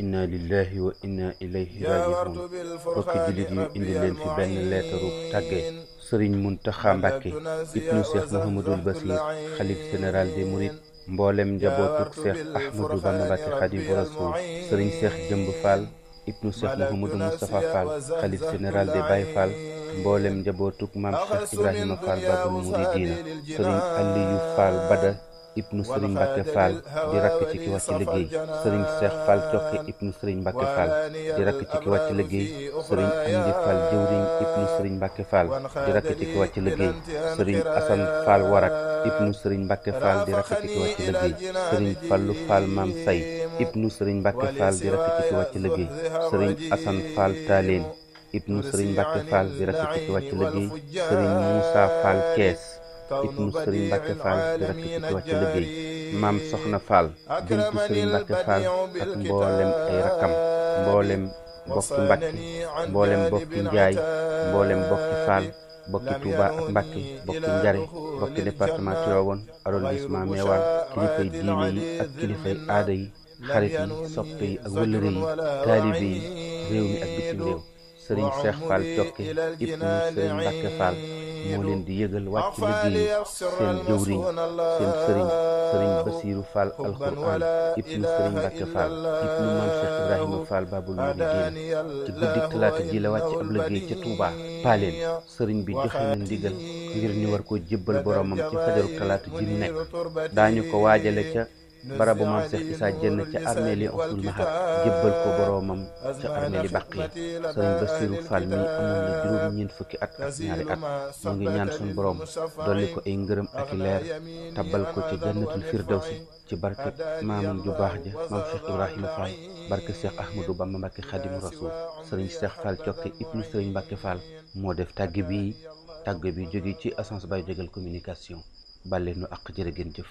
inna lillahi wa inna ilayhi raaji'uun indi leen fi benn leetaru tàggee sëriñ Muntaxa Mbàkke ibnu Cheikh Mouhamadul Basir xalif général des Mourides mboolem njabootuk Cheikh Ahmadou Bamba Mbàkke Xaadimu Rasuul sëriñ Cheikh Jëmb Fall ibnu Cheikh Mouhamadou Moustapha Fall xalif général des Baye Fall mboolem njabootuk maam Cheikh Ibrahima Fall Babul Mouridina sëriñ Aliyu Fall Bada ibnu sëriñ Mbacke Fall di rakk ci ki wàcc liggéey sëriñ Cheikh Fall Cokke ibnu sëriñ Mbacke Fall di rakk ci ki wàcc liggéey sëriñ Amdi Fall jëwriñ ibnu sëriñ Mbacke Fall di rakk ci ki wàcc liggéey sëriñ Assane Fall Warak ibnu sëriñ Mbacke Fall di rakk ci ki wàcc liggéey sëriñ Fallu Fall Maam Say ibnu sëriñ Mbacke Fall di rakk ci ki wàcc liggéey sëriñ Assane Fall Taaleen ibnu sëriñ Mbacke Fall di rakk ci ki wàcc liggéey sëriñ Moussa Fall Kees ibnu sëriñ Mbàkke Fall di rakk ci ki wàcc liggéey maam soxna Fall bintu sëriñ Mbàkke Fall ak mboolem ay rakkam mboolem bokki Mbàkke mboolem bokki Njaay mboolem bokki Fall bokki Touba ak Mbàkke bokki Njare bokki département Tivaouane arrondissement Meewaan kilifay diine yi ak kilifay aada yi xarit yi soppe yi ak wëllëre yi taalibe yi réew mi ak bitim réew sëriñ Cheikh Fall Cokke ibnu sëriñ Mbàkke Fall moo leen di yëgal wàcc liggéeyu seen jëwriñ seen sëriñ sëriñ Basiiru Fall alxuraan ibnu sëriñ Mbàkke Fall ibnu maam Cheikh Ibrahima Fall Baabul Muridiin ci guddik talaata ji la wàcc ab liggéey ca Touba Paaleen sëriñ bi joxe na ndigal ngir ñu war koo jébbal boromam ci fajaru talaata ji nekk daañu ko waajale ca barabu maam Cheikh sa Diène ca armeeli Anful Mahad jébbal ko boroomam ca armeeli Baqi sëriñ Basiru Fall mi amoon na juróom ñeent fukki at ak ñaari at mu ngi ñaan suñu boroom dolli ko ay ngërëm ak i leer tabbal ko ci jannatul firdawsi ci barke maamam ju baax ja maam Cheikh Ibrahima Fall barke Cheikh Ahmadou Bamba Mbacké Xadimu Rasul sëriñ Cheikh Fall Cokke ibnu sëriñ Mbacké Fall moo def tàgg bi tàgg bi jóge ci Essence Baye Jégal communication bàlle nu ak jërë ngeen jëf